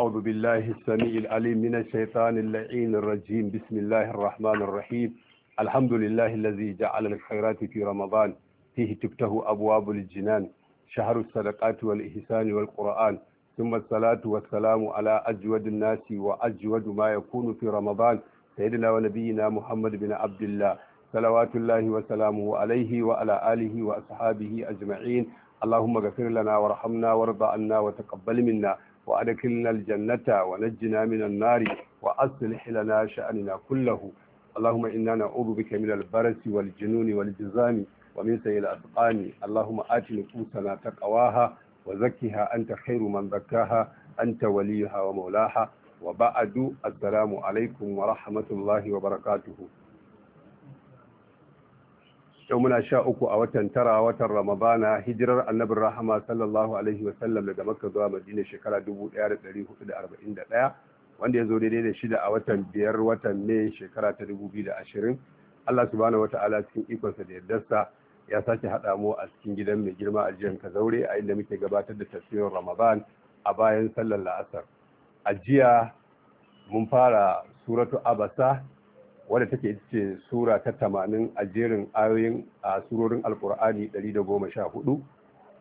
أعوذ بالله السميع العليم من الشيطان اللعين الرجيم بسم الله الرحمن الرحيم الحمد لله الذي جعل الخيرات في رمضان فيه تفتح أبواب الجنان شهر الصدقات والإحسان والقرآن ثم الصلاة والسلام على أجود الناس وأجود ما يكون في رمضان سيدنا ونبينا محمد بن عبد الله صلوات الله وسلامه عليه وعلى آله وأصحابه أجمعين اللهم اغفر لنا وارحمنا وارض عنا وتقبل منا وأدخلنا الجنة ونجنا من النار وأصلح لنا شأننا كله اللهم إنا نعوذ بك من البرس والجنون والجزام ومن سيء الأسقام اللهم آت نفوسنا تقواها وزكها أنت خير من زكاها أنت وليها ومولاها وبعد السلام عليكم ورحمة الله وبركاته yau muna sha uku a watan tara watan ramadana hijirar annabin rahama sallallahu alaihi wasallam daga makka zuwa madina shekara 1441 wanda ya zo daidai da shida a watan biyar watan ne shekara ta 2020 allah subhanahu ta'ala cikin ikonsa da yardarsa ya sake haɗa mu a cikin gidan mai girma a jihar kazaure a inda muke gabatar da tafsirin ramadan a bayan sallar la'asar a jiya mun fara suratu abasa wadda take ce sura ta tamanin a jerin ayoyin a surorin alkur'ani 114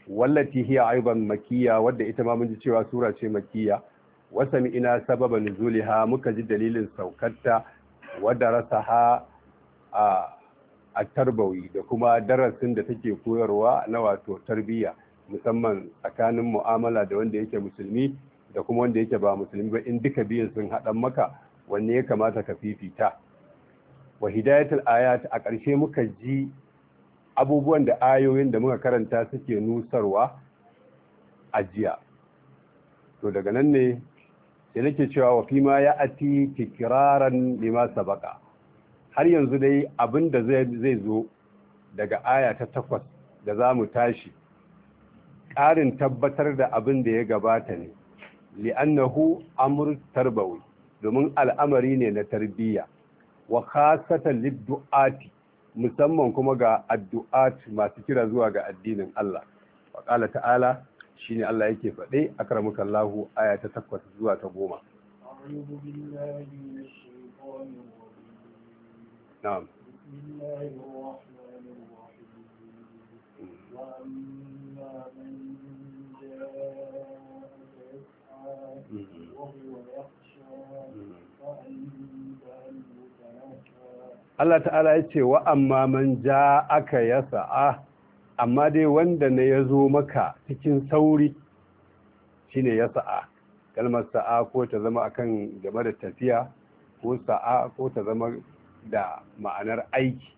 wallati hiya ayuban makiya wadda ita ma mun ji cewa sura ce makiya mi ina sababa nuzuliha muka ji dalilin saukarta wadda rasa ha a a tarbawi da kuma darasin da take koyarwa na wato tarbiyya musamman tsakanin mu'amala da wanda yake musulmi da kuma wanda yake ba musulmi ba in duka biyun sun haɗa maka wanne ya kamata ka fifita wa hidayatul ayat a ƙarshe muka ji abubuwan da ayoyin da muka karanta suke nusarwa a jiya to daga nan ne sai nake cewa wa fima ya ati kiraran lima sabaka har yanzu dai abin da zai zo daga aya ta takwas da za mu tashi ƙarin tabbatar da abin da ya gabata ne li'annahu amur tarbawi domin al'amari ne na tarbiyya wa khasatan lidduati musamman kuma ga addu'ati masu kira zuwa ga addinin Allah wa qala ta'ala shine Allah yake faɗe akramukallahu aya ta 8 zuwa ta 10 نعم Allah ta'ala ya ce wa amma man ja aka ya sa'a amma dai wanda na ya zo maka cikin sauri shine ya sa'a kalmar sa'a ko ta zama akan game da tafiya ko sa'a ko ta zama da ma'anar aiki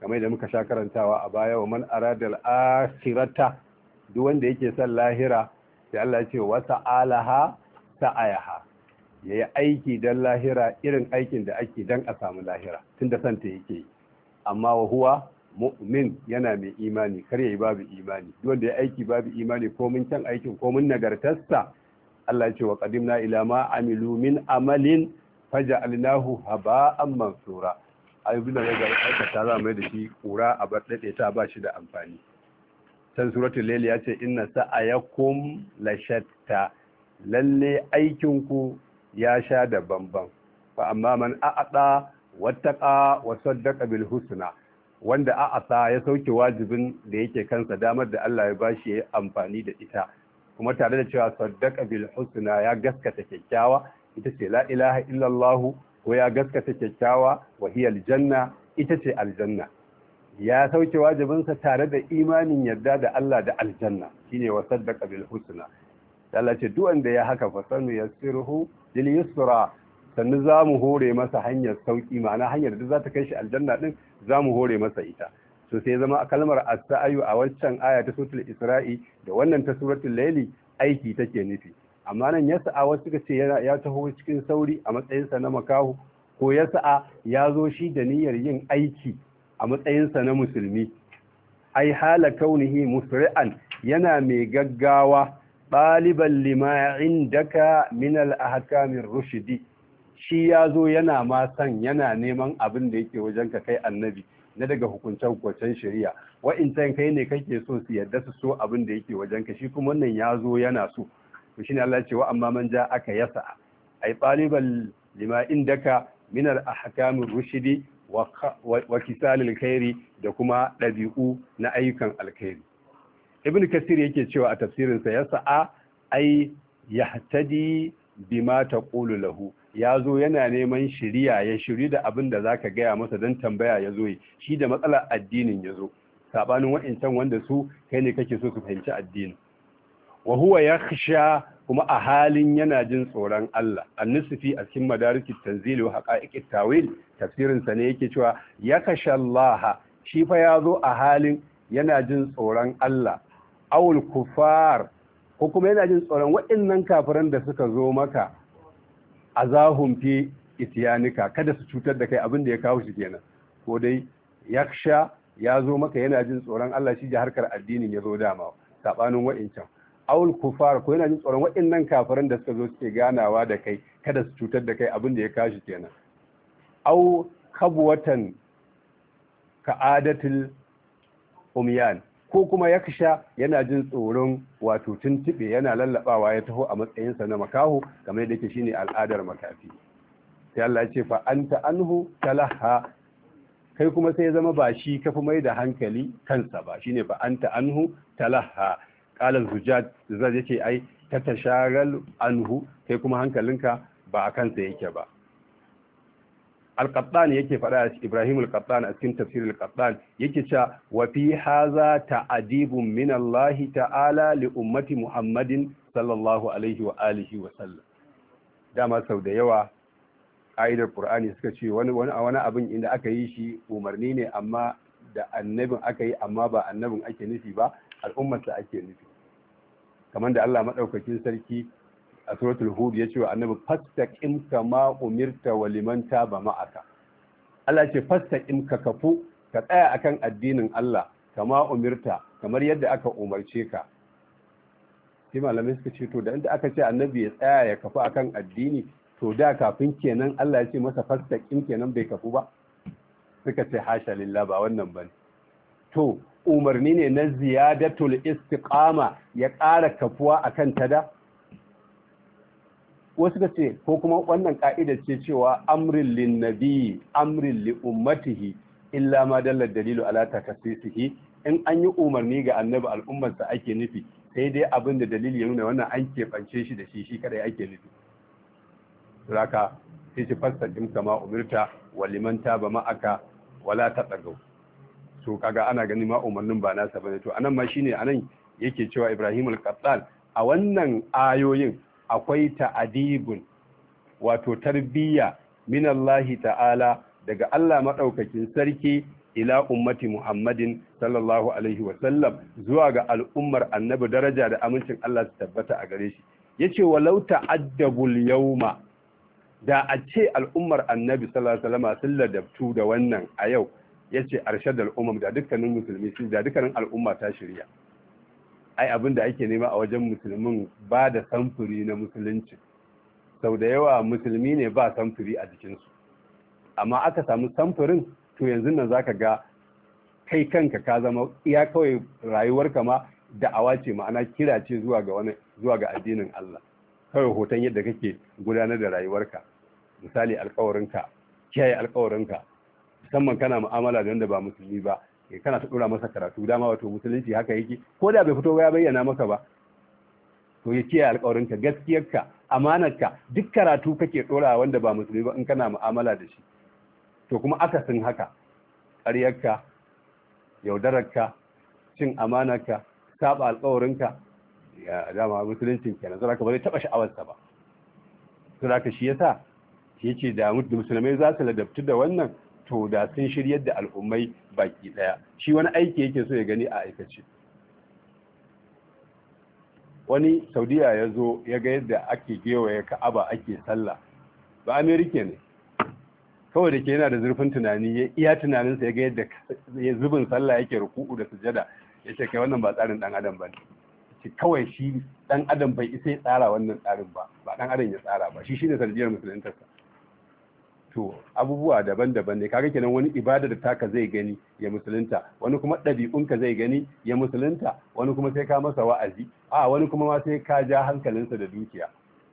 kamar da muka sha karantawa a baya wa man aradar akhirata duk wanda yake son lahira sai Allah ya ce wa sa'alaha sa'ayaha ya yi aiki don lahira irin aikin da ake don a samu lahira tun da santa yake yi amma wa huwa mu'min yana mai imani kar ya yi babu imani wanda ya aiki babu imani ko mun can aikin ko mun nagartarsa Allah ya ce wa qadimna ila ma amilu min amalin faja'alnahu haba'an mansura ayyukan da ga ta za mai da shi kura a bar ta ba shi da amfani san suratul layl ya ce inna sa'ayakum lashatta lalle aikin ku ya sha da bambam. fa amma man a'ata wattaqa wa saddaqa bil husna wanda a'ata ya sauke wajibin da yake kansa damar da Allah ya bashi ya amfani da ita kuma tare da cewa saddaqa bil husna ya gaskata kyakkyawa ita ce la ilaha illallah ko ya gaskata kyakkyawa wa hiya aljanna ita ce aljanna ya sauke wajibinsa tare da imanin yarda da Allah da aljanna shine wa saddaqa bil husna Allah ce duk wanda ya haka fa sanu yassiruhu lil yusra sannu zamu hore masa hanyar sauki ma'ana hanyar da za ta kai shi aljanna din zamu hore masa ita to sai zama kalmar asayu a wancan aya ta suratul isra'i da wannan ta suratul layli aiki take nufi amma nan ya sa'a wasu suka ce ya taho cikin sauri a matsayinsa na makahu ko ya sa'a ya zo shi da niyyar yin aiki a matsayinsa na musulmi ai hala kaunihi musri'an yana mai gaggawa ɗaliban lima indaka min al rushidi shi shi zo yana ma san yana neman abin da yake wajen ka kai annabi na daga hukuncen kwacen shari'a wa'intan kai ne kake so su yadda su so abin da yake wajen ka shi kuma wannan zo yana so to ne Allah amma man ja aka yasa ai ɗaliban lima indaka min al rushidi wa kisalin kairi da kuma ɗabi'u na ayyukan alkhairi ibn kasir yake cewa a tafsirinsa ya sa'a ai yahtadi bima taqulu lahu ya zo yana neman shirya ya shiri da abin da zaka gaya masa don tambaya ya zo shi da matsalar addinin ya zo sabanin wa'incan wanda su kai ne kake so ka fahimci addini wa huwa yakhsha kuma a halin yana jin tsoron Allah annisifi a cikin madarikit tanzili wa haqa'iqit tawil tafsirin ne yake cewa yakhsha Allah shi fa ya zo a halin yana jin tsoron Allah awul kufar ko kuma yana jin tsoron waɗannan kafiran da suka zo maka zahun fi itiyanika kada su cutar da kai abin da ya kawo shi kenan ko dai yaksha ya zo maka yana jin tsoron Allah shi ji harkar addini ya zo dama sabanin wa'incan awul kufar ko yana jin tsoron waɗannan kafiran da suka zo suke ganawa da kai kada su cutar da kai abin da ya kawo shi kenan au kabwatan ka'adatil umyan ko kuma ya kasha yana jin tsoron wato tuntuɓe yana lallaɓawa ya taho a matsayinsa na makaho kamar da ke shine al'adar makafi sai Allah ya ce fa anta anhu talaha kai kuma sai ya zama ba shi kafi mai da hankali kansa ba shine fa anta anhu talaha qala zujat zujat yace ai ta tatashagal anhu kai kuma hankalinka ba a kansa yake ba al-qattan yake faɗa Ibrahim al-qattan a cikin tafsir al-qattan yake cewa wa fi haza ta'adibun min Allah ta'ala li ummati Muhammadin sallallahu alaihi wa alihi wa sallam dama sau da yawa ƙa'idar Qur'ani suka ce wani wani abin inda aka yi shi umarni ne amma da annabin aka yi amma ba annabin ake nufi ba al'ummarsa ake nufi kamar da Allah madaukakin sarki a suratul hud ya ce wa annabi fastaqim kama umirta wa liman taba ma'aka Allah ce fastaqim ka kafu ka tsaya akan addinin Allah kama umirta kamar yadda aka umarce ka sai malamai suka ce to da inda aka ce annabi ya tsaya ya kafu akan addini to da kafin kenan Allah ya ce masa fastaqim kenan bai kafu ba suka ce hasha lillah ba wannan bane to umarni ne na ziyadatul istiqama ya ƙara kafuwa akan tada wasu ka ce ko kuma wannan ka'ida ce cewa amrin lin nabi amrin li ummatihi illa ma dalla dalilu ala takasisihi in an yi umarni ga annabi al'ummar sa ake nufi sai dai abin da dalili ya nuna wannan an keɓance shi da shi shi kadai ake nufi raka sai ci din kama umirta wa ba ma ma'aka wala ta tsagau so kaga ana gani ma umarnin ba nasa bane to anan ma shine anan yake cewa Ibrahim al-Qattan a wannan ayoyin akwai ta'adibun wato tarbiyya minallahi ta'ala daga Allah maɗaukakin sarki ila ummati Muhammadin sallallahu alaihi zuwa ga al'ummar annabi daraja da amincin Allah su tabbata a gare shi yace walau ta'addabul yauma! da a ce al'ummar annabi sallallahu alaihi sun ladabtu da wannan a yau yace ce, umam da dukkanin musulmi da dukkanin al'umma ta shirya ai abin da ake nema a wajen musulmin ba da samfuri na musulunci sau da yawa musulmi ne ba samfuri a jikinsu amma aka samu samfurin to yanzu nan zaka ga kai kanka ka zama Ya kawai rayuwar rayuwarka ma da'awa ce ma'ana kira ce zuwa ga addinin Allah kawai hoton yadda kake gudanar da rayuwarka misali alkawarinka kiyaye alkawarinka musamman kana mu'amala da wanda ba musulmi ba Eh, kana ta dora masa karatu dama wato musulunci haka yake ko da bai fito ba ya bayyana maka ba to ya kiyaye alƙawarinka gaskiyarka amanarka duk karatu kake dora wanda ba musulmi ba in kana mu'amala da shi to kuma akasin haka yaudarar ka cin amanarka saba alƙawarinka ya dama musuluncin kenan zaka ba zai taba sha'awarsa ba to zaka shi yasa yace da musulmai za su ladabtu da wannan to da sun shiryar da al'ummai baki daya shi wani aiki yake so ya gani a aikace wani saudiya ya zo ya ga yadda ake gewaye ka'aba ake sallah ba amerika ne kawai da ke yana da zurfin tunani ya iya tunaninsa ya ga yadda ya zubin sallah yake ruku'u da sujada ya ce kai wannan ba tsarin dan adam ba ne kawai shi dan adam bai isa ya tsara wannan tsarin ba ba dan adam ya tsara ba shi shine sanadiyar musuluntarsa to abubuwa daban-daban ne kaga kenan wani ibadar taka zai gani ya musulunta wani kuma ɗabi'unka zai gani ya musulunta wani kuma sai ka masa wa'azi a wani kuma ma sai ka ja hankalinsa da dukiya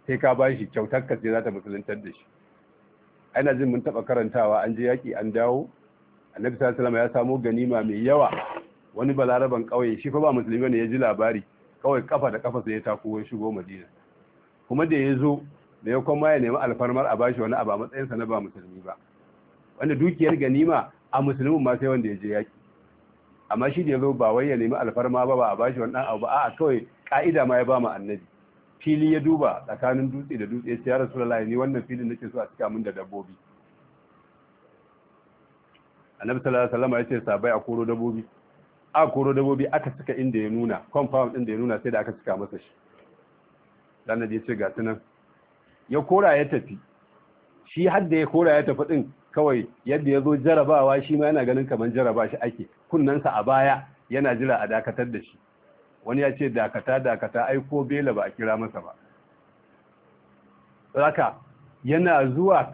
sai ka bashi kyautar ka sai za ta musuluntar da shi ana jin mun taɓa karantawa an je yaki an dawo annabi sallallahu alaihi ya samo ganima mai yawa wani balaraban ƙauye shi fa ba musulmi ne ya ji labari kawai kafa da kafa sai ya tako ya shigo madina kuma da ya zo da ya kuma ya nemi alfarmar a bashi wani abu a matsayinsa na ba musulmi ba wanda dukiyar ganima a musulmin ma sai wanda ya je yaki amma shi da ya zo ba wai ya nemi alfarma ba ba a bashi wani abu ba a'a kawai ka'ida ma ya ba mu annabi fili ya duba tsakanin dutse da dutse ya ce ya rasulullahi ni wannan filin nake so a cika min da dabbobi annabi sallallahu alaihi wasallam ya ce sabai a koro dabbobi a koro dabbobi aka cika inda ya nuna compound din da ya nuna sai da aka cika masa shi dan da ya ce ga tunan ya kora ya tafi shi hadda ya kora ya tafi din kawai yadda ya zo jarabawa shi ma yana ganin kamar jaraba shi ake kunnensa a baya yana jira a dakatar da shi wani ya ce dakata dakata ai ko bela ba a kira masa ba Raka yana zuwa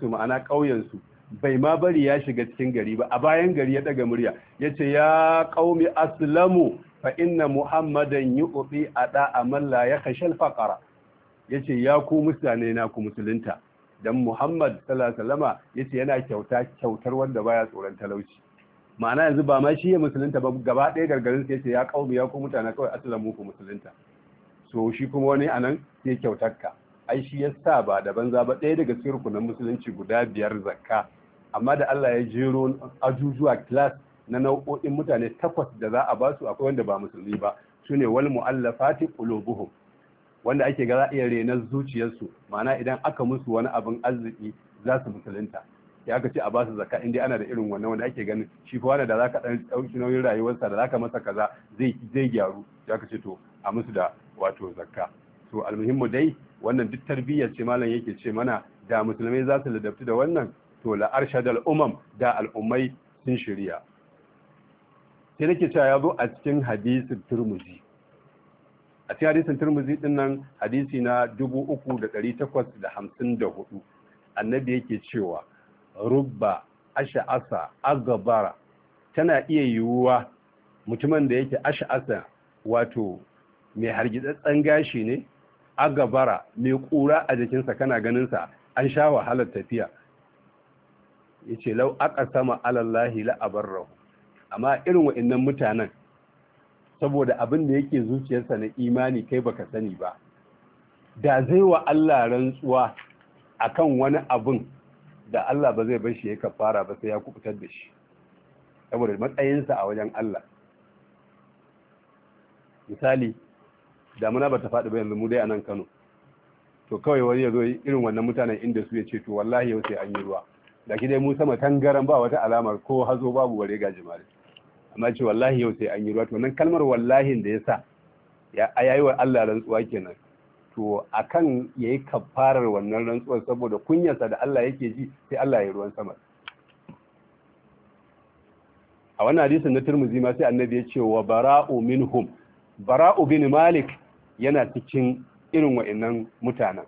su ma'ana ƙauyensu bai ma bari ya shiga cikin gari ba a bayan gari ya daga murya ya ce ya ƙaumi aslamu fa inna muhammadan yi uɓi a ya kashe faƙara ya ce ya ku mutane na ku musulunta don muhammad salasalama ya ce yana kyauta kyautar wanda baya tsoron talauci ma'ana yanzu ba ma shi ya musulunta ba gaba ɗaya gargarin ya ce ya kaumi ya ku mutane kawai asalamu ku musulunta so shi kuma wani anan sai kyautar ka ai shi ya sa ba da banza ba ɗaya daga cikin na musulunci guda biyar zakka amma da Allah ya jero ajujuwa class na nau'o'in mutane takwas da za a basu akwai wanda ba musulmi ba su ne wal mu'allafati qulubuhum wanda ake ga za iya renar zuciyarsu ma'ana idan aka musu wani abin arziki za su musulunta ya aka ce a basu zakka inda ana da irin wannan wanda ake ganin shi fa wanda da zaka dan dauki nauyin rayuwarsa da zaka masa kaza zai zai gyaru ya aka ce to a musu da wato zakka to almuhimmu dai wannan duk tarbiyyar ce malam yake ce mana da musulmai za su ladabtu da wannan to la arshadal umam da al'ummai sun shirya sai nake cewa ya zo a cikin hadisin turmuzi a cikin hadisin turmuzi din nan hadisi na 3854 annabi yake cewa rubba asha'asa Agabara tana iya yiwuwa mutumin da yake asha'asa wato mai hargitsatsen gashi ne agabara mai kura a jikinsa kana ganinsa an sha wahalar tafiya yace ce lau aka sama alallahi la'abarrahu amma irin wa'annan mutanen saboda abin da yake zuciyarsa na imani kai baka sani ba da zai wa Allah rantsuwa akan wani abin da Allah ba zai bar shi ya kafara ba sai ya kubutar da shi saboda matsayinsa a wajen Allah misali muna ba ta faɗi ba yanzu mu dai a nan Kano to kawai wani ya zo irin wannan mutanen inda su ya ce to wallahi yau sai an yi ruwa da dai mu sama tangaran ba wata alamar ko hazo babu ware gajimare amma ce wallahi yau sai an yi ruwa to nan kalmar wallahin da ya sa ya yi wa Allah rantsuwa kenan to akan ya yi kafarar wannan rantsuwa saboda kunyarsa da Allah yake ji sai Allah ya yi ruwan sama a wannan hadisin na turmuzi ma sai annabi ya ce wa bara'u minhum bara'u bin malik yana cikin irin wa'annan mutanen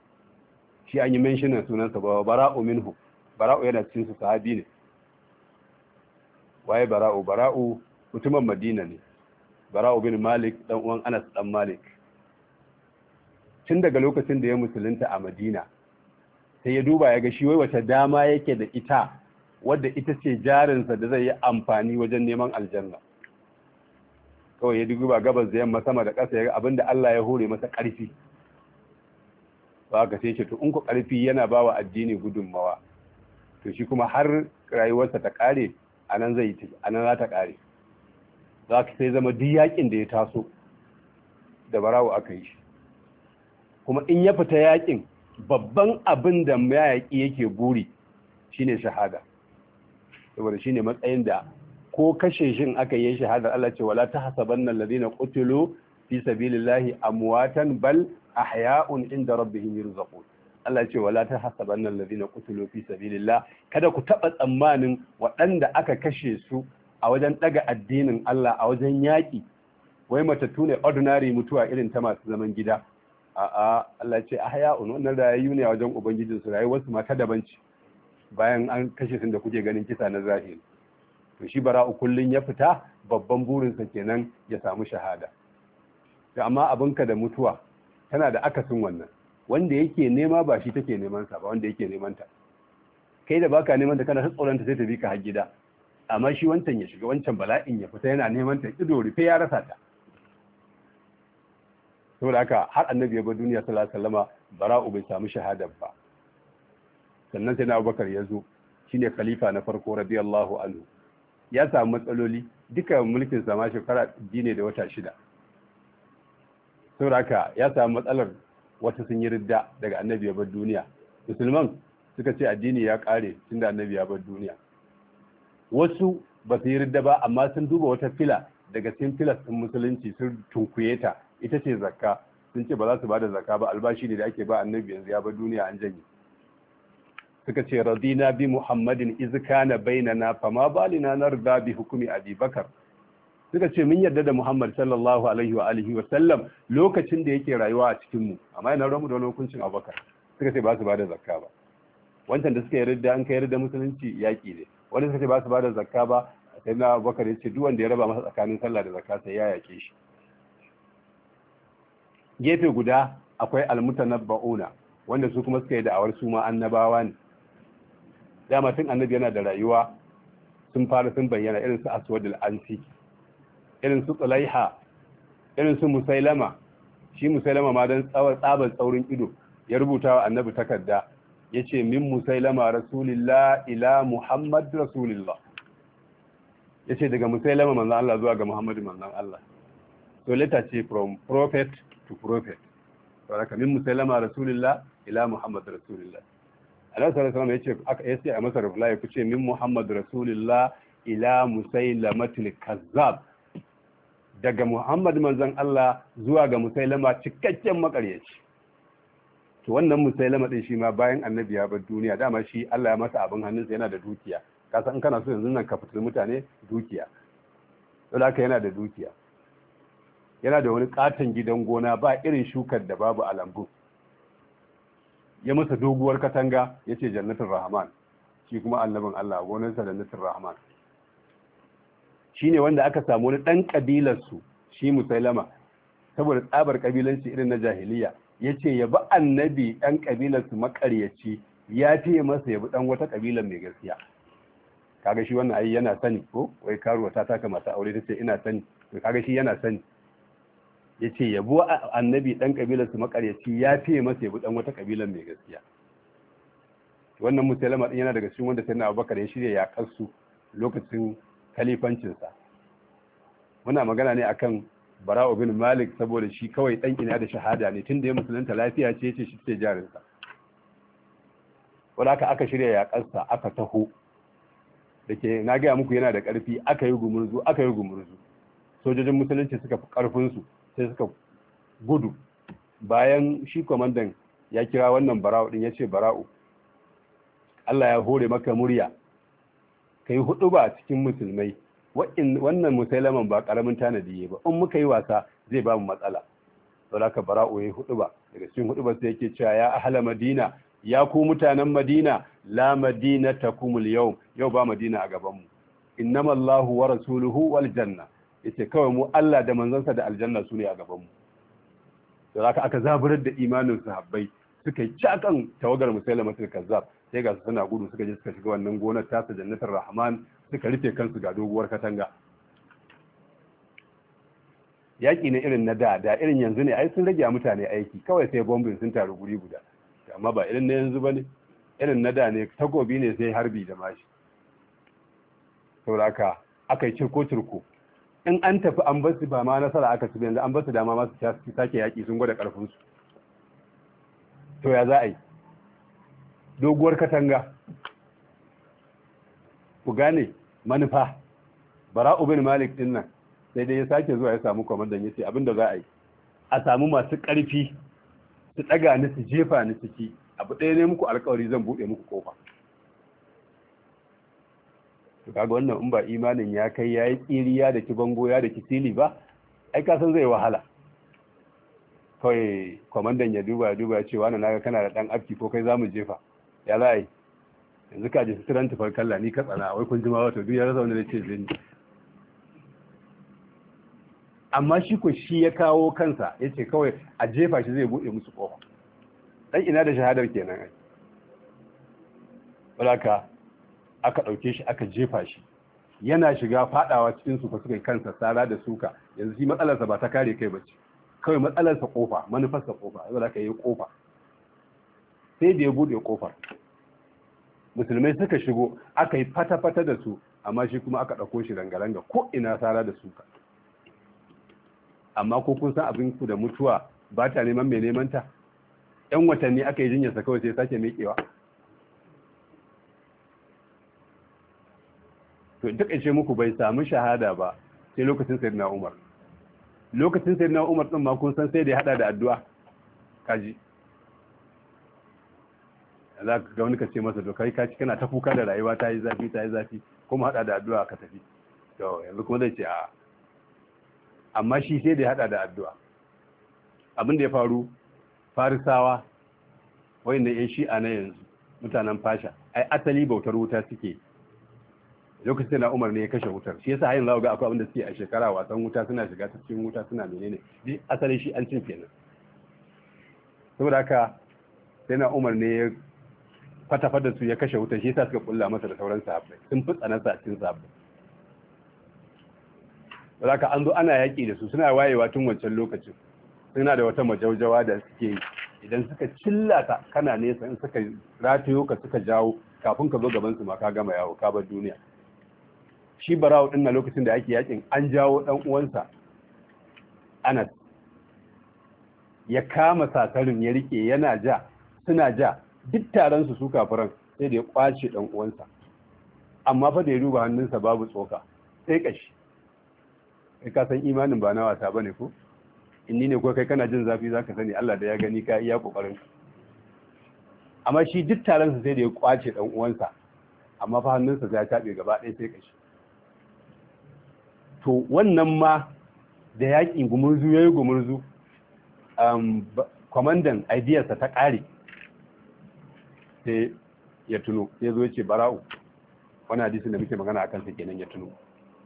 shi an yi menshinin sunansa ba bara'u minhum bara'u yana cikin su sahabi ne waye bara'u bara'u mutumin madina ne barawo bin malik dan uwan anas dan malik tun daga lokacin da ya musulunta a madina sai ya duba ya ga shi wai wace dama yake da ita wadda ita ce jarinsa da zai yi amfani wajen neman aljanna kawai ya duba gabas da yamma sama da ƙasa ya ga abinda Allah ya hore masa ƙarfi ba ka sai ce to in ku ƙarfi yana ba wa addini gudunmawa to shi kuma har rayuwarsa ta ƙare a nan zai ta ƙare za ka sai zama duk yakin da ya taso da barawo aka yi shi kuma in ya fita yakin babban abin da mayaki yake buri shine shahada saboda shine matsayin da ko kashe shin aka yi shahada Allah ce wala tahsabanna alladhina qutilu fi sabilillahi amwatan bal ahya'un inda rabbihim yurzaqun Allah ce wala tahsabanna alladhina qutilu fi sabilillah kada ku taɓa tsammanin waɗanda aka kashe su a wajen ɗaga addinin Allah a wajen yaƙi wai matattu ne ordinary mutuwa irin ta masu zaman gida a'a Allah ce a haya'un wannan rayu ne a wajen ubangijin su rayuwarsu ma mata dabanci bayan an kashe sun da kuke ganin kisa na zahiri to shi bara'u kullun ya fita babban burinsa kenan ya samu shahada to amma abinka da mutuwa tana da akasin wannan wanda yake nema ba shi take neman sa ba wanda yake neman ta kai da baka neman ta kana tsoranta sai ta bi ka har gida amma shi wancan ya shiga wancan bala'in ya fita yana neman ta ido rufe ya rasa ta da haka har annabi ya bar duniya sallallahu alaihi wasallama bara'u bai samu shahada ba sannan sai na abubakar ya zo shine khalifa na farko radiyallahu anhu ya samu matsaloli duka mulkin sama shekara biyu ne da wata shida da haka ya samu matsalar wata sun yi ridda daga annabi ya bar duniya musulman suka ce addini ya kare tunda annabi ya bar duniya wasu ba su yi ridda ba amma sun duba wata fila daga cikin filas ɗin musulunci sun tunkuye ta ita ce zakka sun ce ba za su ba da zakka ba albashi ne da ake ba annabi yanzu ya ba duniya an janye suka ce radina bi muhammadin izkana bainana ma balina narda bi hukumi abi bakar suka ce mun yarda da muhammad sallallahu alaihi wa alihi wa sallam lokacin da yake rayuwa a cikin mu amma yana ramu da wani hukuncin abubakar suka ce ba su ba da zakka ba wancan da suka yarda an kai yarda musulunci yaƙi ne Wani suka ce ba su ba da zakka ba sai na bakar ya ce duk wanda ya raba masa tsakanin sallah da zakka sai ya yake shi gefe guda akwai almutanabba'una wanda su kuma suka yi da'awar su ma annabawa ne dama tun annabi yana da rayuwa sun fara sun bayyana irin su aswadul ansi irin su tsalaiha irin su musailama shi musailama ma don tsabar tsaurin ido ya rubuta wa annabi takarda yace min musailama rasulillah ila muhammad rasulillah yace daga musailama manzon Allah zuwa ga muhammadu manzon Allah so letter ce from prophet to prophet saboda min musailama rasulillah ila muhammad rasulillah Allah sallallahu alaihi wasallam yace aka yace a masa reply ya ce min muhammad rasulillah ila musailamatil kazzab daga muhammad manzon Allah zuwa ga musailama cikakken makaryaci to wannan musailama din shi ma bayan annabi ya bar duniya dama shi Allah ya masa abin hannunsa yana da dukiya ka san kana so yanzu nan ka fitar mutane dukiya to haka yana da dukiya yana da wani katon gidan gona ba irin shukar da babu a ya masa doguwar katanga ya ce jannatin rahman shi kuma annabin Allah gonarsa jannatin rahman shine wanda aka samu wani ɗan kabilar su shi musailama saboda tsabar kabilanci irin na jahiliya ya ce ya bi annabi ɗan ƙabilar su makaryaci ya fi masa ya bi ɗan wata ƙabilar mai gaskiya kaga shi wannan ayi yana sani ko wai karuwa ta taka masu aure ta ce ina sani to kaga shi yana sani ya ce ya bi annabi ɗan ƙabilar su makaryaci ya fi masa ya bi ɗan wata ƙabilar mai gaskiya wannan musulama ɗin yana daga cikin wanda sai na abubakar ya shirya yaƙar su lokacin kalifancinsa muna magana ne akan bara'u bin malik saboda shi kawai ɗan ina da shahada ne tunda ya musulunta lafiya ce ce shi ce jarinsa wadda aka shirya yakarsa aka taho da ke na gaya muku yana da ƙarfi aka yi gumurzu aka yi gumurzu sojojin musulunci suka fi ƙarfinsu sai suka gudu bayan shi kwamandan ya kira wannan bara'u din ya ce bara'u Allah ya hore maka murya ka yi hudu ba cikin musulmai wannan musailaman ba karamin tanadi ba in muka yi wasa zai ba mu matsala ka bara ya hudu ba daga cikin hudu ba sai yake cewa ya ahala madina ya ku mutanen madina la madina takumul yau yau ba madina a gabanmu innama allahu wa rasuluhu wal janna yace kawai mu Allah da manzansa da aljanna su ne a gabanmu da aka zaburar da imanin sahabbai suka yi cakan tawagar musailama tul kazzab sai ga suna gudu suka je suka shiga wannan gonar tasa jannatar rahman suka rufe kansu ga doguwar katanga yaƙi ne irin na da da irin yanzu ne ai sun rage mutane aiki kawai sai bombin sun taru guri guda amma ba irin na yanzu ba ne irin na da ne takobi ne sai harbi da mashi sauraka aka yi cirko-cirko in an tafi an basu ba ma nasara aka su yanzu an basu dama masu sake yaƙi sun gwada ƙarfinsu to ya za a yi doguwar katanga ku gane manufa bara ubin malik din nan sai dai ya sake zuwa ya samu kwamandan ya ce abinda za a yi a samu masu ƙarfi su ɗaga ni su jefa ni ciki abu ɗaya ne muku alkawari zan buɗe muku kofa to kaga wannan in ba imanin ya kai ya yi tsiriya da ki bango ya da ki sili ba ai ka san zai wahala kawai kwamandan ya duba ya duba cewa na naga kana da ɗan afki ko kai za mu jefa ya za yanzu ka je tiran tufar kalla ni katsana wai kun jima wato duk ya rasa wanda zai ce ni amma shi ko shi ya kawo kansa ya ce kawai a jefa shi zai buɗe musu ƙofa ɗan ina da shahadar kenan ai balaka aka ɗauke shi aka jefa shi yana shiga faɗawa cikin su suka kansa tsara da suka yanzu shi matsalarsa ba ta kare kai ce. kawai matsalarsa ƙofa manufarsa ƙofa yau da yi ƙofa. sai da ya buɗe kofar musulmai suka shigo aka yi fata-fata da su amma shi kuma aka ɗauko shi rangaranga ko ina tsara da suka amma ko kun san abin ku da mutuwa ba ta neman mai neman ta yan watanni aka yi jinyarsa kawai sai sake mekewa to duk ce muku bai samu shahada ba sai lokacin sayyidina umar lokacin sayyidina umar din ma kun san sai da ya hada da addu'a kaji za ka ga wani ka ce masa to kai ka ci kana ta kuka da rayuwa ta yi zafi ta yi zafi kuma hada da addu'a ka tafi to yanzu kuma zai ce a amma shi sai da ya hada da addu'a abin da ya faru farisawa wayanda yan shi'a na yanzu mutanen fasha ai asali bautar wuta suke lokacin da Umar ne ya kashe wutar shi yasa hayin zaku ga akwai abin da suke a shekara wasan wuta suna shiga ta cikin wuta suna menene bi asali shi an cin kenan saboda haka sai na Umar ne ya fatafa da su ya kashe wuta shi sa suka kulla masa da sauran sahabbai sun fi tsanarsa a cikin sahabbai ba an zo ana yaƙi da su suna wayewa tun wancan lokacin suna da wata majaujawa da suke yi idan suka cilla ta, kana nesa in suka ratayo ka suka jawo kafin ka zo gaban su ma ka gama yawo ka bar duniya shi barawo din na lokacin da ake yakin an jawo dan uwansa Anas ya kama sasarin ya rike yana ja suna ja duk taron su su kafiran sai da ya kwace dan uwansa amma fa da ya duba hannunsa babu tsoka sai kashi kai ka san imanin ba na wasa bane ko inni ne ko kai kana jin zafi zaka sani Allah da ya gani ka iya kokarin amma shi duk taron sa sai da ya kwace dan uwansa amma fa hannunsa sai ya tabe gaba ɗaya sai kashi to wannan ma da yaƙin gumurzu yayi yi gumurzu um, kwamandan idiyarsa ta ƙare sai ya tuno ya zo ya bara'u wani hadisin da muke magana akan sa kenan ya tuno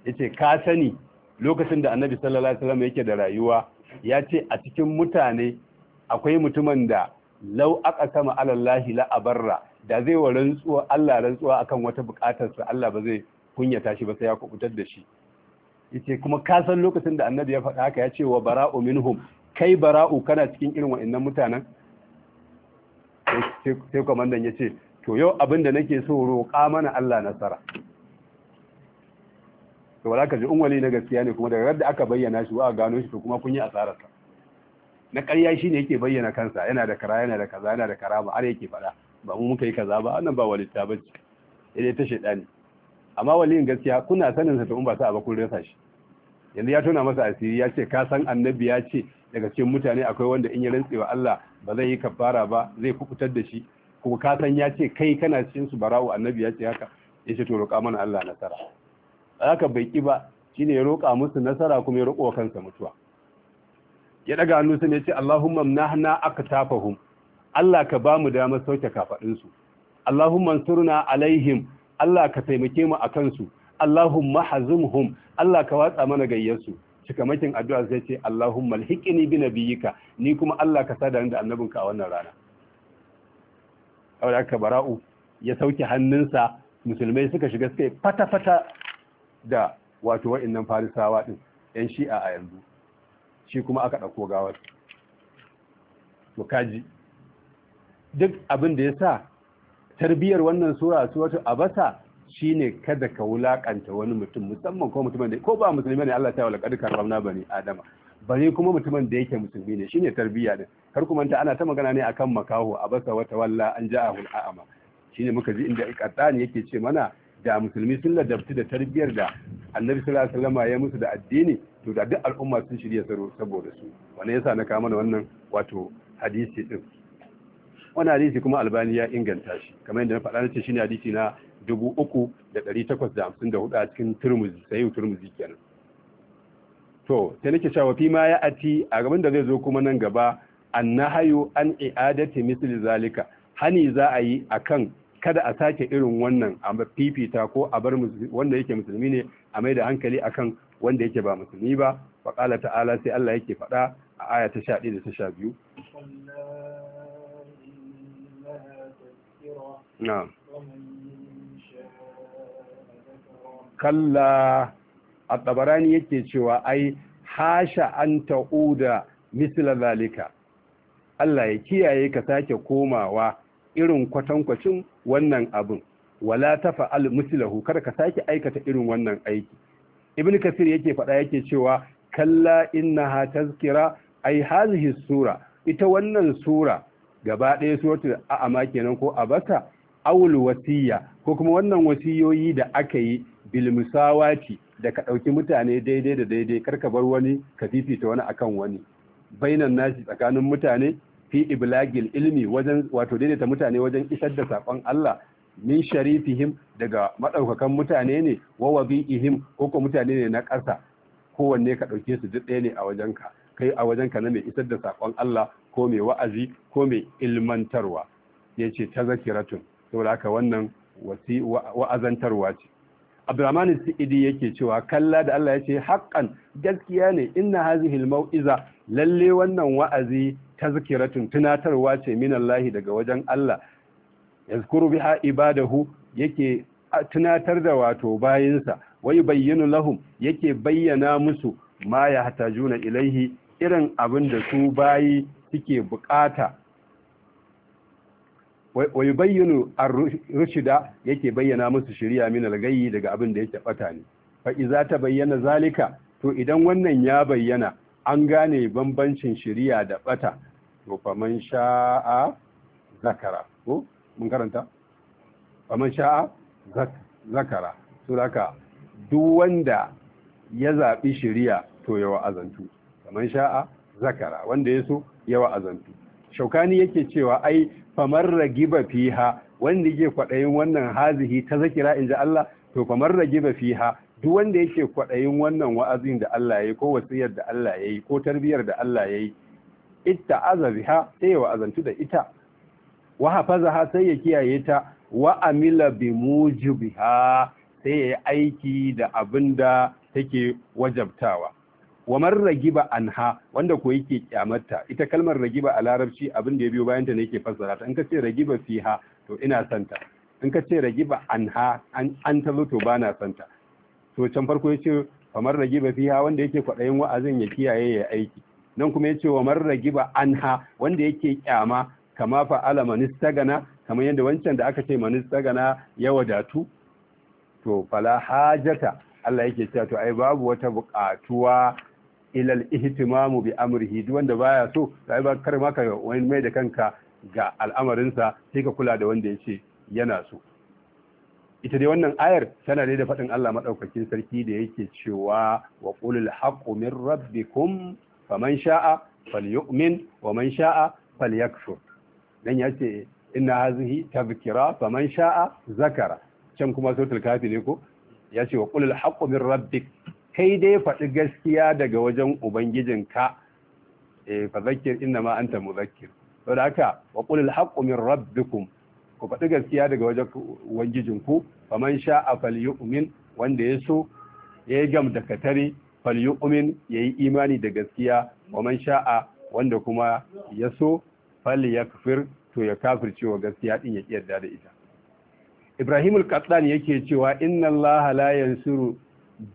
ya ce ka sani lokacin da annabi sallallahu alaihi wasallam yake da rayuwa yace a cikin mutane akwai mutumin da lau aka sama alallahi la abarra da zai wa rantsuwa Allah rantsuwa akan wata bukatarsa Allah ba zai kunyata shi ba sai ya kubutar da shi yace kuma ka san lokacin da annabi ya faɗa haka ya ce wa bara'u minhum kai bara'u kana cikin irin wa'annan mutanen sai kwamandan ya ce to yau abin da nake so roƙa mana Allah nasara to wala ka ji unwali na gaskiya ne kuma daga radda aka bayyana shi wa gano shi to kuma kun yi asararsa na ƙarya ne yake bayyana kansa yana da kara yana da kaza yana da ba har yake faɗa ba mu muka yi kaza ba annan ba ta bace idai ta shedani amma waliyin gaskiya kuna sanin sa to in ba sa ba kun rasa shi yanzu ya tona masa asiri ya ce ka san annabi ya ce daga cikin mutane akwai wanda in ya rantsewa Allah ba zai yi kafara ba zai kukutar da shi kuma ka san ya ce kai kana cikin su barawo annabi ya ce haka ya ce to roƙa mana Allah nasara haka bai ki ba shine ya roƙa musu nasara kuma ya roƙo wa kansa mutuwa ya daga hannu sun ya ce Allahumma nahna tafahum! Allah ka ba mu damar sauke kafadin su Allahumma surna alaihim Allah ka taimake mu akan su Allahumma hazumhum Allah ka watsa mana gayyar cikamakin addu'a zai ce Allahumma alhiqni bi nabiyyika ni kuma Allah ka sada ni da annabinka a wannan rana saboda bara'u ya sauke hannunsa musulmai suka shiga suka fata fata da wato wa'annan farisawa din yan shi'a a yanzu shi kuma aka dauko gawar to kaji duk abin da ya sa tarbiyar wannan sura a abasa Shi ne kada ka wulakanta wani mutum musamman ko mutumin da ko ba musulmi ne Allah ta wala kad ba bani adama bare kuma mutumin da yake musulmi ne shine tarbiyya din kar ku manta ana ta magana ne akan makaho a basa wata walla an ja'ahul a'ama shine muka ji inda ikatani yake ce mana da musulmi sun ladabci da tarbiyyar da annabi sallallahu alaihi wasallam ya musu da addini to da duk al'umma sun shirya tsaro saboda su wannan yasa na kama wannan wato hadisi din wannan hadisi kuma albani ya inganta shi kamar yadda na faɗa na ce shine hadisi na dubu uku da ɗari a cikin turmuzi sayi turmuzi kenan to sai nake cewa ma ya ati a gaban da zai zo kuma nan gaba an hayo an i'adati misli zalika hani za a yi akan kada a sake irin wannan a fifita ko a bar wanda yake musulmi ne a mai da hankali akan wanda yake ba musulmi ba wa qala ta'ala sai Allah yake faɗa a aya ta 11 da ta 12 na'am kalla a tsabarani yake cewa ai hasha an ta'uda misila zalika Allah ya kiyaye ka sake komawa irin kwatankwacin wannan abin wala tafa'al mislahu kar ka sake aikata irin wannan aiki ibn kasir yake faɗa yake cewa kalla innaha tazkira ai hazihi sura ita wannan sura gaba ɗaya suratul a'ama kenan ko abasa awul wasiya ko kuma wannan wasiyoyi da aka yi bilmusawati da ka ɗauki mutane daidai da daidai karka bar wani ka fifita wani akan wani bainan nasi tsakanin mutane fi iblagil ilmi wajen wato daidaita mutane wajen isar da saƙon Allah min sharifihim daga maɗaukakan mutane ne wa wabi'ihim ko ko mutane ne na ƙasa kowanne ka ɗauke su duk ɗaya ne a wajen ka. kai a wajen ka na mai isar da saƙon Allah ko mai wa'azi ko mai ilmantarwa yace ta zakiratun saboda haka wannan wa'azantarwa ce abdurrahman sa'idi yake cewa kalla da Allah ya ce haqqan gaskiya ne inna hazihi almau'iza lalle wannan wa'azi tazkiratun tunatarwa ce min Allah daga wajen Allah yazkuru biha ibadahu yake tunatar da wato bayinsa wai bayyana lahum yake bayyana musu ma ya hatajuna ilaihi irin abin da su bayi suke bukata wa yubayyinu ar-rushda yake bayyana musu shirya min al-gayyi daga abin da yake bata ne fa ta bayyana zalika to idan wannan ya bayyana an gane bambancin shari'a da bata to faman sha'a zakara ko mun karanta faman sha'a zakara to haka duk wanda ya zaɓi shirya to yawa azantu faman sha'a zakara wanda so yawa azantu shaukani yake cewa ai famar ragiba fiha wanda yake kwaɗayin wannan hazihi ta zakira inji Allah to famar ragiba fiha duk wanda yake kwaɗayin wannan wa'azin da Allah yayi ko wasiyar da Allah yayi ko tarbiyyar da Allah yayi itta azabiha sai wa azantu da ita wa hafazaha sai ya kiyaye ta wa amila bi mujibiha sai ya yi aiki da abinda take wajabtawa wa man ragiba anha wanda ko yake kyamarta ita kalmar ragiba a larabci abin da ya biyo bayan ta ne yake fassara ta in ka ce ragiba fiha to ina santa in ka ce ragiba anha an an ta zo to bana santa to can farko yace kamar ragiba fiha wanda yake kwadayin wa'azin ya kiyaye ya aiki nan kuma yace wa man ragiba anha wanda yake kyama kama fa ala manistagana kamar yadda wancan da aka ce manistagana ya wadatu to fala hajata Allah yake cewa to ai babu wata buƙatuwa ilal ihtimamu bi amrihi duk wanda baya so sai ba kar maka wani mai da kanka ga al'amarinsa sai ka kula da wanda ya ce yana so ita dai wannan ayar tana dai da faɗin Allah maɗaukacin sarki da yake cewa wa qulil haqqu min rabbikum faman sha'a falyu'min wa man sha'a falyakfur dan yace inna hazihi tadhkira faman sha'a zakara can kuma suratul kafi ne ko yace wa qulil haqqu min rabbik kai dai faɗi gaskiya daga wajen ubangijinka eh fa zakkir inna ma anta muzakkir da haka wa qul alhaqqu min rabbikum ku faɗi gaskiya daga wajen ubangijinku a faliyu umin wanda ya so ya yi gam da katare ya yi imani da gaskiya sha a wanda kuma ya so kafir, to ya kafir cewa gaskiya din ya ƙiyar da ita Ibrahim al-Qattan yake cewa inna Allah la yansuru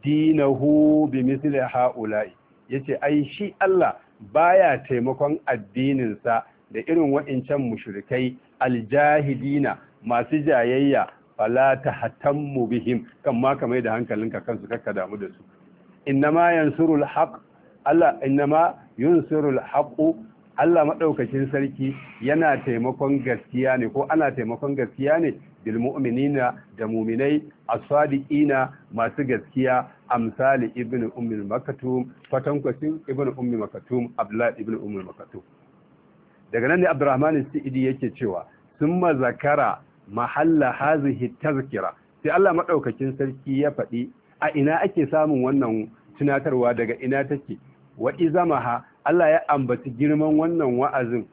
dinahu bi misli haula'i yace ai shi Allah baya taimakon addininsa da irin wa'incan mushrikai aljahidina masu jayayya fala tahatammu bihim Kamma ma kamar da hankalinka kansu kakka damu da su innama yansurul haqq Allah innama yunsurul haqq Allah madaukakin sarki yana taimakon gaskiya ne ko ana taimakon gaskiya ne bil da mu'minai as-sadiqina masu gaskiya amsali ibn ummi makatum fatankwacin ibn ummi makatum abdullah ibn ummi makatum daga nan ne abdurrahman sa'idi yake cewa summa zakara mahalla hazihi tazkira sai Allah madaukakin sarki ya faɗi a ina ake samun wannan tunatarwa daga ina take wa izamaha Allah ya ambaci girman wannan wa'azin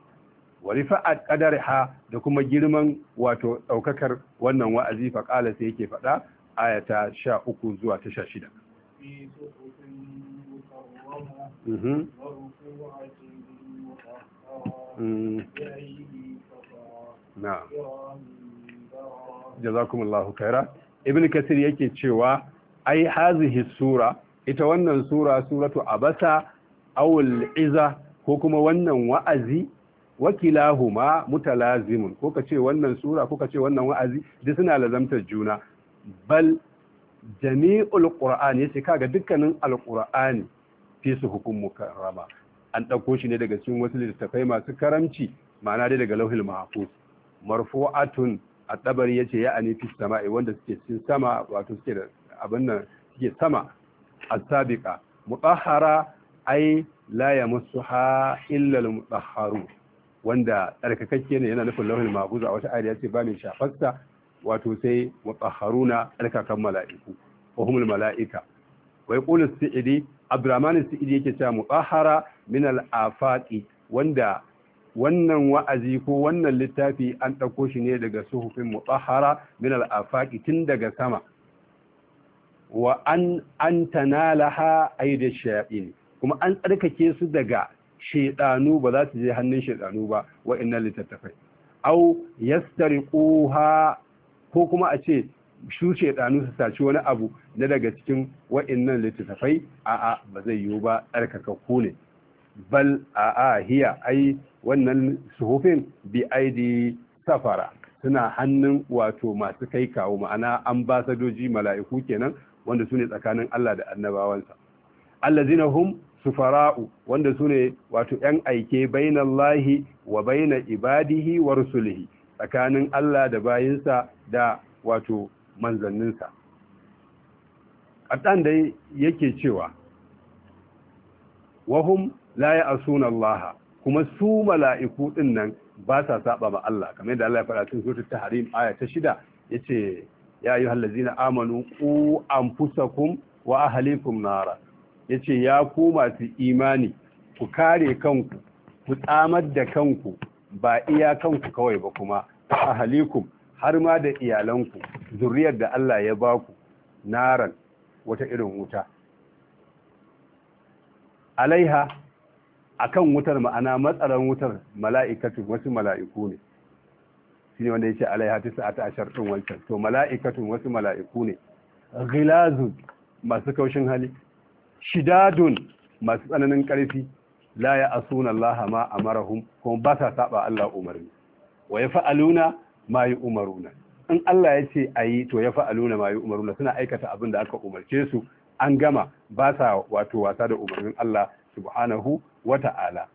fa'ad, rifa'at ha, da kuma girman wato daukakar wannan wa'azi faƙala sai yake faɗa ayata uku zuwa ta sha shida. Mhm. Mm. ibn kasir yake cewa ai hazihi sura ita wannan sura suratu abasa awul iza ko kuma wannan wa'azi wakilahuma mutalazimun ko ka ce wannan sura ko ka ce wannan wa'azi duk suna lazamtar juna bal jami'ul qur'ani yace kaga dukkanin alqur'ani fi su hukum mukarrama an dauko shi ne daga cikin wasu littattafai masu karamci ma'ana dai daga lauhil mahfuz marfu'atun at-tabari yace ya ani fi sama'i wanda suke cikin sama wato suke da abin nan suke sama as-sabiqa mutahhara ay la yamassuha illa al-mutahharun wanda tsarkakakke ne yana nufin lauhin maguza a wata ayar ya ce ba mai shafarsa wato sai mutahharuna tsarkakan mala'iku wa humul mala'ika wai yaqulu sa'idi abdurrahman sa'idi yake cewa mutahhara min al wanda wannan wa'azi ko wannan littafi an ɗauko shi ne daga suhufin mutahara min al'afaƙi tun daga sama wa an an tanalaha aida shayaɗin kuma an tsarkake su daga shaidanu ba za su je hannun shaidanu ba inna littattafai au yastariquha ko kuma a ce shu shaidanu su saci wani abu na daga cikin wa'annan littattafai a ba zai yiwu ba ku ne bal a a hiya ai wannan suhufin bi aidi safara suna hannun wato masu kai kawo ma'ana ambasadoji mala'iku kenan wanda su ne tsakanin Allah da annabawansa allazina hum sufara'u wanda su ne wato 'yan aike lahi wa baina ibadihi wa rusulihi tsakanin Allah da bayansa da wato manzanninsa kaɗan da yake cewa wahum la sunan Allah kuma su mala'iku din nan ba sa saba ma Allah kamar da Allah ya faɗa cikin ta harim aya ta shida, ya ce ya yi na amanu fusa kum wa ahlikum nara yace ya ku masu imani ku kare kanku ku tsamar da kanku ba iya kanku kawai ba kuma ahalikum har ma da iyalanku zuriyar da Allah ya baku naran wata irin wuta alaiha kan wutar ma'ana matsaran wutar mala'ikatun wasu mala'iku ne ne wanda ya ce alaiha tis'ata ashar din wancan to mala'ikatun wasu mala'iku ne Gilazun masu kaushin hali shidadun masu tsananin ƙarfi la ya asuna Allah ma amarahum kuma ba sa saba Allah umarni wa ya fa'aluna ma yi umaruna in Allah ya ce a yi to ya fa'aluna ma yi umaruna suna aikata abin da aka umarce su an gama ba sa wato wasa da umarnin Allah subhanahu wa ta'ala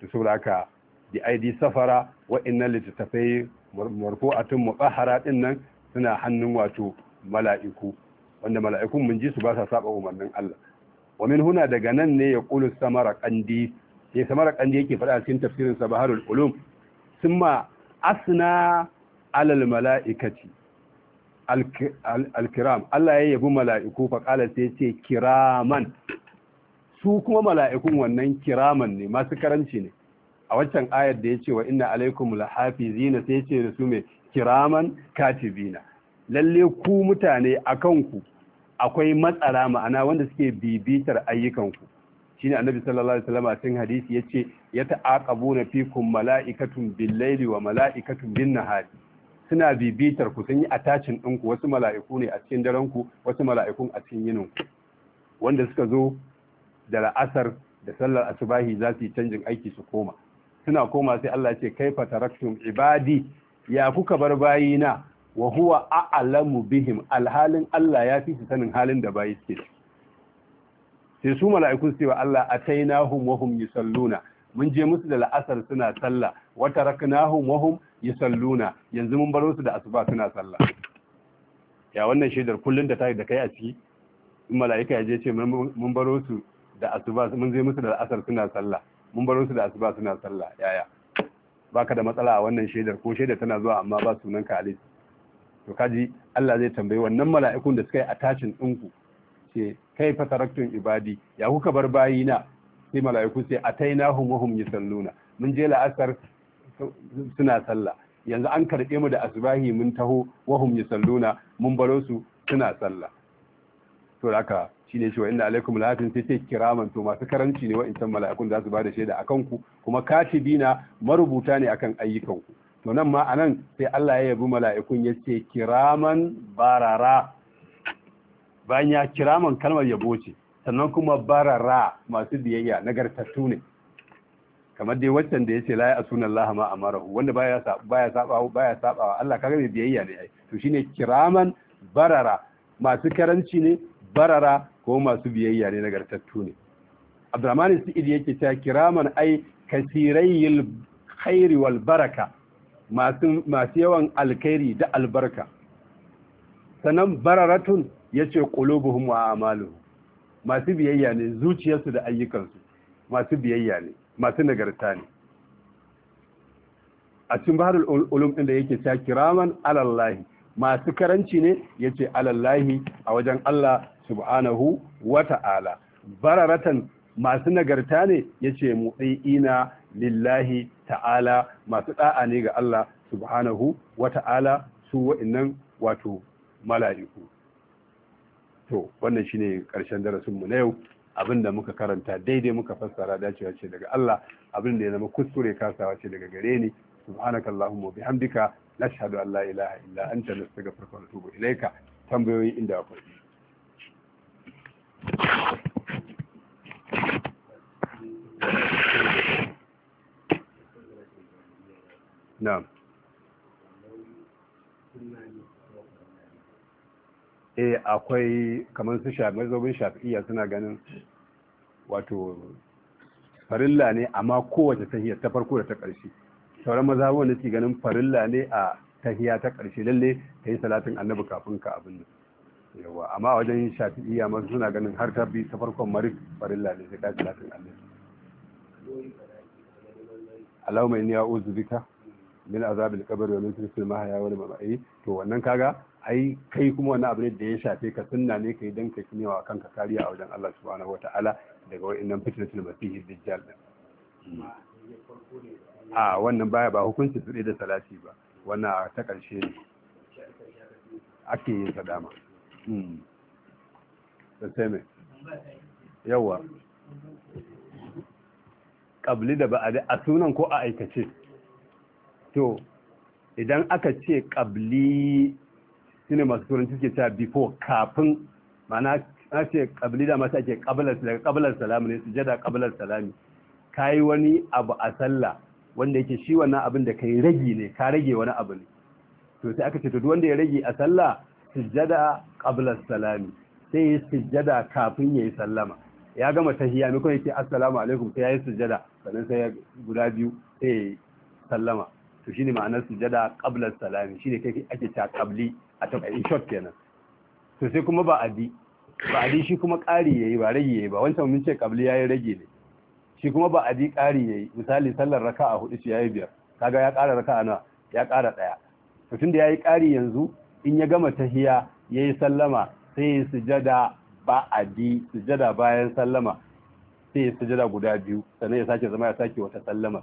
to saboda haka di ID safara wa'annan littattafai marfu'atun mutahhara din nan suna hannun wato mala'iku wanda mala'ikun mun ji su ba sa saba umarnin Allah wa min huna daga nan ne ya qulu samarqandi sai yake faɗa cikin tafsirin sa ulum summa asna alal mala'ikati alkiram Allah ya yabi mala'iku qala sai ce kiraman su kuma mala'ikun wannan kiraman ne masu karanci ne a waccan ayar da yace ce wa 'Inna alaikum lahafizina sai ce da su mai kiraman katibina lalle ku mutane a ku. akwai matsara ma'ana wanda suke bibitar ayyukanku shine annabi sallallahu alaihi wasallam cikin hadisi yace ya na fikum mala'ikatun bil wa mala'ikatun bin-nahari suna bibitar ku sun yi attaching din ku wasu mala'iku ne a cikin daren ku wasu mala'ikun a cikin yinin ku wanda suka zo da la'asar da sallar asubahi za su yi canjin aiki su koma suna koma sai Allah ya ce kaifa taraktum ibadi ya kuka bar bayina wa huwa a'lamu bihim alhalin Allah ya fi sanin halin da bai ce sai su mala'iku su ce wa Allah atainahum wa hum yusalluna mun je musu da la'asar suna sallah wa taraknahum wa hum yusalluna yanzu mun baro su da asuba suna sallah ya wannan shaidar kullun da ta da kai a ciki in mala'ika ya je ce mun baro su da asuba mun je musu da la'asar suna sallah mun baro su da asuba suna sallah yaya baka da matsala a wannan shaidar ko shaidar tana zuwa amma ba sunan ka alisi to kaji Allah zai tambayi wannan mala'ikun da suka yi attachin ɗinku ce kai fa taraktun ibadi ya kuka bar bayina sai mala'iku sai hum wa hum yusalluna mun je la'asar suna sallah yanzu an karɓe mu da asbahi mun taho wa hum yusalluna mun baro su suna sallah to haka shine shi wa inna alaikum lahafin sai sai kiraman to masu karanci ne wa'incan mala'ikun za su bada da shaida akan ku kuma katibina marubuta ne akan ayyukan ku to nan ma anan sai Allah ya yabi mala'ikun ya ce kiraman barara bayan ya kiraman kalmar yabo ce sannan kuma barara masu biyayya nagartattu ne kamar dai waccan da ya ce la ya sunan Allah ma amarahu wanda baya baya sabawa baya saba Allah kaga mai biyayya ne ai to shine kiraman barara masu karanci ne barara ko masu biyayya ne nagartattu ne Abdurrahman Sa'id yake cewa kiraman ai kasirayil khairi wal baraka masu yawan alkairi da albarka sannan bararatun ya ce ƙulubuhun wa amalu masu biyayya ne zuciyarsu da ayyukansu masu biyayya ne masu nagarta ne a cikin baharul ulum ɗin da yake sa kiraman alallahi masu karanci ne ya ce alallahi a wajen Allah subhanahu wa ta'ala. bararatan masu nagarta ne ya ce yace Ina lillahi ta'ala masu da'a ne ga Allah subhanahu wa ta'ala su wa'annan wato mala'iku to wannan shine karshen darasin mu na yau abinda muka karanta daidai muka fassara dacewa ce daga Allah abinda ya zama kuskure kasawa ce daga gare ni subhanakallahumma bihamdika nashhadu an la ilaha illa anta nastaghfiruka wa natubu ilaika tambayoyi inda akwai نعم eh akwai kamar su shafi mazobin shafi'iyya suna ganin wato farilla ne amma kowace tahiya ta farko da ta ƙarshe sauran maza ne ke ganin farilla ne a tahiya ta ƙarshe lalle Ta yi salatin annabi kafin ka abin nan yawa amma wajen shafi'iyya masu suna ganin har ta bi ta farkon mari farilla ne sai ka salatin annabi Allahumma inni a'udhu bika min azabil qabr wa min fil mahaya wal mamati to wannan kaga ai kai kuma wannan abin da ya shafe ka sunna ne kai dan ka wa kanka kariya a wajen Allah subhanahu wataala daga wa'annan fitnatul masihi dajjal din a wannan baya ba hukunci su da salati ba wannan ta karshe ne ake yin sa dama hmm. sai mai yawa kabli da ba a sunan ko a aikace to idan aka ce ƙabli shine masu turanci suke cewa before kafin mana na ce kabli da masu ake kabilar daga kabilar salami ne jada kabilar salami ka yi wani abu a sallah wanda yake shi wannan abin da ka yi ragi ne ka rage wani abu ne to sai aka ce to wanda ya rage a sallah sujada kabilar salami sai ya su jada kafin ya yi sallama ya gama tahiyya ne kuma yake assalamu alaikum sai ya yi sujada sannan sai ya guda biyu sai ya yi sallama to shine ma'anar sujada qabla salami shine kai ake ta qabli a in short kenan to sai kuma ba adi ba adi shi kuma ƙari yayi ba rage yayi ba wancan mun ce qabli yayi rage ne shi kuma ba adi ƙari yayi misali sallar raka'a hudu shi yayi biyar kaga ya ƙara raka'a na ya ƙara daya to tunda yayi ƙari yanzu in ya gama tahiya yayi sallama sai ya sujada ba adi sujada bayan sallama sai ya sujada guda biyu sannan ya sake zama ya sake wata sallamar.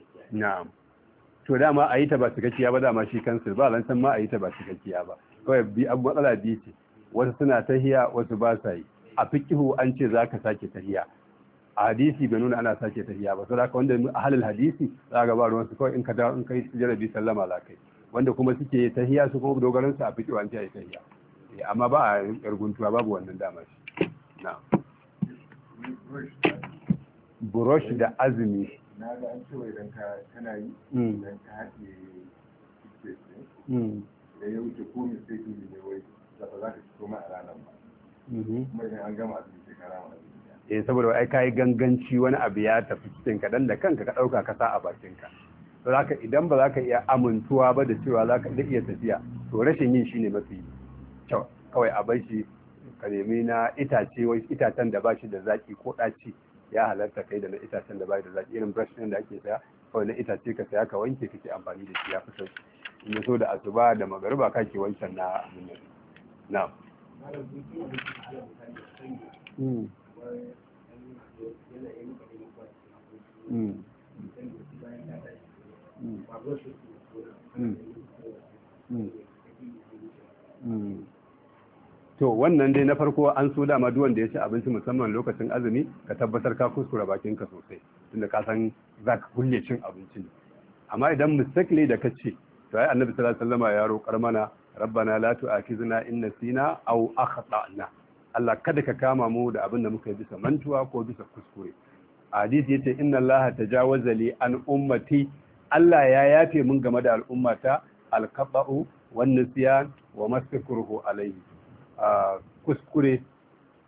na'am to dama a yi ta ba cikakkiya ba dama shi kansil ba lantan ma a yi ta ba cikakkiya ba kawai bi abu matsala biyu ce wasu suna tahiya wasu ba sa yi a fikihu an ce za ka sake tahiya a hadisi bai nuna ana sake tahiya ba saboda wanda a halin hadisi za ga ba ruwan kawai in ka dawo in kai jarabi sallama za kai wanda kuma suke tahiya su kuma dogaran su a fikihu an ce a yi tahiya eh, amma ba a yarguntuwa babu wannan dama shi na'am burosh da azumi na ga an cewa idan ka kana yi hmm. idan ka haɗe ɗin hmm. da ya wuce ko mai sai tuni ne wai da ba za ka ci komai a ranar ba mm-hmm. kuma idan an gama abin sai ka rama eh saboda ai kai ganganci wani abu ya tafi cikin ka dan da kanka ka dauka ka sa a bakin ka zaka idan ba za ka iya amintuwa ba da cewa za ka iya tafiya to rashin yin shine mafi kyau kawai a bar shi ka nemi na itace wai itacen da ba shi da zaki ko ɗaci ya halarta kai da na itacen da bai da zaki irin brush din da ake saya kawai na itace ka saya ka wanke kake amfani da shi ya fi sauki in so da asuba da magariba kake wancan na abin nan na Mm. Hmm. Hmm. Hmm. to wannan dai na farko an so dama duk wanda ya ci abinci musamman lokacin azumi ka tabbatar ka kuskura bakin ka sosai tunda ka san za ka kulle cin abinci ne amma idan mistakle da ka ce to ai annabi sallallahu alaihi wasallam ya roƙar mana rabbana la tu'akhizna in nasina aw akhtana Allah kada ka kama mu da abin da muka yi bisa mantuwa ko bisa kuskure hadisi yace inna Allah tajawaza li an ummati Allah ya yafe mun game da al'ummata al-qaba'u wan nisyan wa maskuruhu alayhi kuskure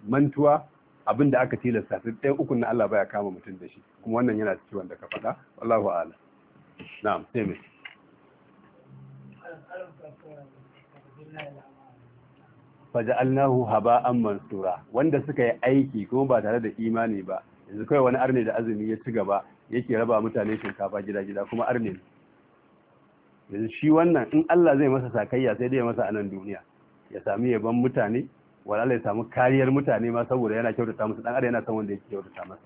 mantuwa abin da aka tilasta sai ɗaya ukun na Allah baya kama mutum da shi kuma wannan yana cikin wanda ka faɗa wallahu a'lam na'am sai mai faja'alnahu haba'an mansura wanda suka yi aiki kuma ba tare da imani ba yanzu kai wani arne da azumi ya ci gaba yake raba mutane shinkafa gida gida kuma arne yanzu shi wannan in Allah zai masa sakayya sai dai ya masa anan duniya ya sami yaban mutane walala ya samu kariyar mutane ma saboda yana kyautata musu dan adam yana son wanda yake kyautata masa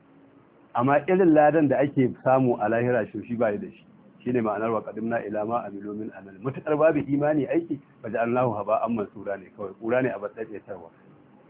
amma irin ladan da ake samu a lahira shi ba bai da shi shine ma'anar wa qadimna ila ma amilu min amal mutakar babu imani aiki Haba Amman mansura ne kawai kura ne a batsaye tarwa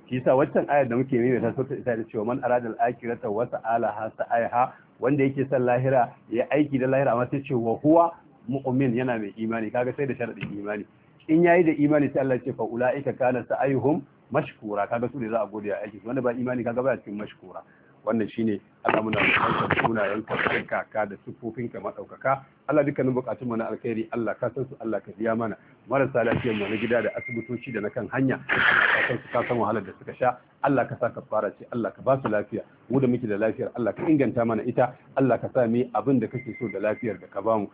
shi yasa waccan ayar da muke nemi ta isa ita cewa man aradal akhirata wa sa'alaha sa'iha wanda yake son lahira ya aiki da lahira amma sai ce wa huwa mu'min yana mai imani kaga sai da sharadin imani in yayi da imani sai Allah ce fa ulaika kana sa'ayuhum mashkura kaga su ne za a gode a aiki wanda ba imani kaga ba cikin mashkura wannan shine alamuna da sunayen ka kaka da sufofin ka madaukaka Allah dukkanin bukatun mu na alkhairi Allah ka san su Allah ka biya mana marasa lafiyar mu na gida da asibitoci da na kan hanya ka san su ka san wahalar da suka sha Allah ka sa ka fara ce Allah ka ba su lafiya mu da muke da lafiyar Allah ka inganta mana ita Allah ka sa mu abin da kake so da lafiyar da ka bamu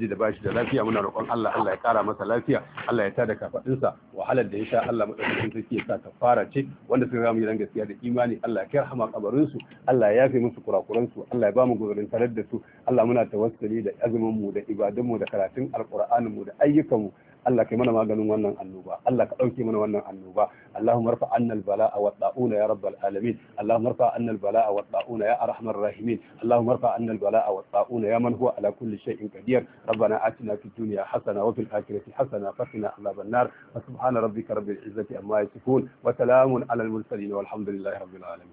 ji da bashi da lafiya muna roƙon Allah Allah ya kara masa lafiya Allah ya tada kafadinsa wahalar da ya sha Allah madaukakin sarki ya sa kafara ce wanda suka ga mu gidan gaskiya da imani Allah ya kai rahama kabarin su Allah ya yafe musu kurakuran su Allah ya ba mu guzurin tarar da su Allah muna tawassuli da azumin mu da ibadunmu da karatun mu da ayyukanmu Allah kai mana maganin wannan annoba Allah ka dauke mana wannan annoba allahu rafa annal bala'a wa da'una ya rabbal alamin allahu rafa annal bala'a wa da'una ya arhamar rahimin allahu rafa annal bala'a wa da'una ya man huwa ala kulli shay'in qadir Rabbana atina fid dunya hasana wa fil akhirati hasana wa qina adhaban nar wa subhana rabbika rabbil izzati amma yasifun wa salamun alal mursalin walhamdulillahi rabbil alamin